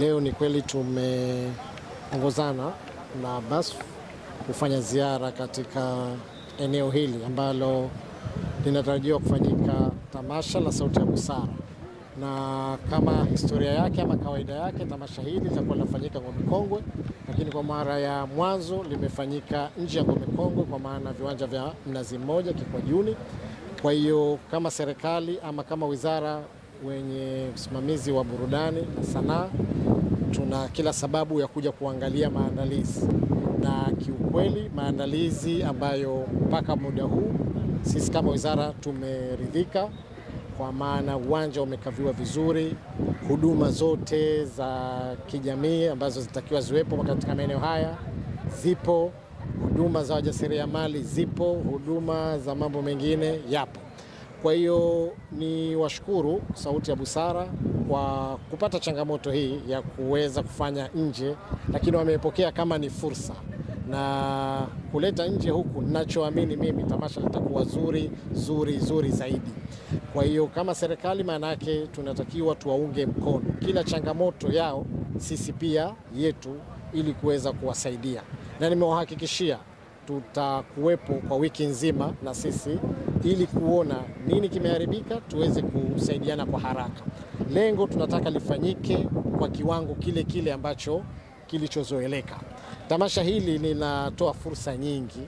Leo ni kweli tumeongozana na BASF kufanya ziara katika eneo hili ambalo linatarajiwa kufanyika tamasha la Sauti ya Busara, na kama historia yake ama kawaida yake, tamasha hili litakuwa linafanyika Ngome Kongwe, lakini kwa mara ya mwanzo limefanyika nje ya Ngome Kongwe, kwa maana viwanja vya Mnazi Mmoja, Kikwajuni. Kwa hiyo kama serikali ama kama wizara wenye usimamizi wa burudani na sanaa tuna kila sababu ya kuja kuangalia maandalizi, na kiukweli maandalizi ambayo mpaka muda huu sisi kama wizara tumeridhika, kwa maana uwanja umekaviwa vizuri, huduma zote za kijamii ambazo zitakiwa ziwepo katika maeneo haya zipo, huduma za wajasiriamali zipo, huduma za mambo mengine yapo. Kwa hiyo ni washukuru Sauti ya Busara kwa kupata changamoto hii ya kuweza kufanya nje, lakini wameipokea kama ni fursa na kuleta nje huku, ninachoamini mimi tamasha litakuwa zuri zuri zuri zaidi. Kwa hiyo kama serikali, maana yake tunatakiwa tuwaunge mkono, kila changamoto yao sisi pia yetu, ili kuweza kuwasaidia, na nimewahakikishia tutakuwepo kwa wiki nzima na sisi ili kuona nini kimeharibika, tuweze kusaidiana kwa haraka. Lengo tunataka lifanyike kwa kiwango kile kile ambacho kilichozoeleka. Tamasha hili linatoa fursa nyingi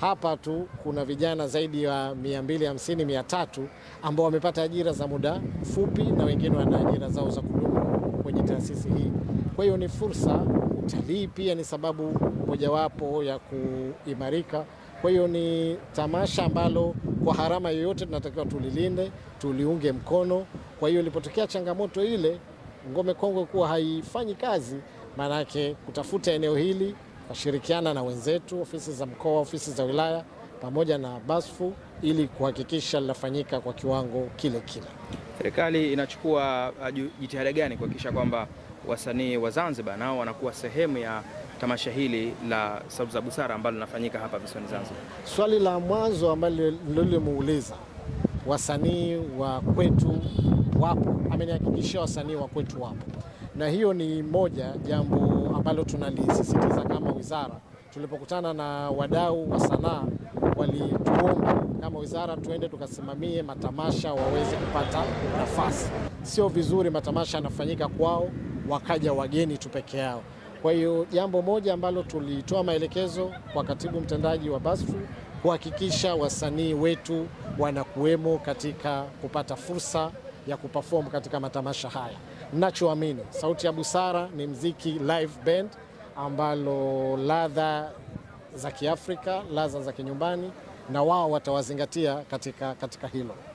hapa tu kuna vijana zaidi ya 250 300 ambao wamepata ajira za muda mfupi na wengine wana ajira zao za kudumu kwenye taasisi hii. Kwa hiyo ni fursa. Utalii pia ni sababu mojawapo ya kuimarika. Kwa hiyo ni tamasha ambalo kwa harama yoyote tunatakiwa tulilinde, tuliunge mkono. Kwa hiyo ilipotokea changamoto ile, ngome kongwe kuwa haifanyi kazi, maanake kutafuta eneo hili Tunashirikiana na wenzetu ofisi za mkoa, ofisi za wilaya pamoja na BASFU ili kuhakikisha linafanyika kwa kiwango kile kile. Serikali inachukua uh, jitihada gani kuhakikisha kwamba wasanii wa Zanzibar nao wanakuwa sehemu ya tamasha hili la Sauti za Busara ambalo linafanyika hapa visiwani Zanzibar? Swali la mwanzo ambalo nilimuuliza, wasanii wa kwetu wapo, amenihakikishia wasanii wa kwetu wapo na hiyo ni moja jambo ambalo tunalisisitiza kama wizara. Tulipokutana na wadau wa sanaa, walituomba kama wizara tuende tukasimamie matamasha waweze kupata nafasi. Sio vizuri matamasha yanafanyika kwao, wakaja wageni tu peke yao. Kwa hiyo jambo moja ambalo tulitoa maelekezo kwa katibu mtendaji wa BASFU kuhakikisha wasanii wetu wanakuwemo katika kupata fursa ya kuperform katika matamasha haya nachoamini. Sauti ya Busara ni mziki live band ambalo ladha za Kiafrika, ladha za kinyumbani, na wao watawazingatia katika, katika hilo.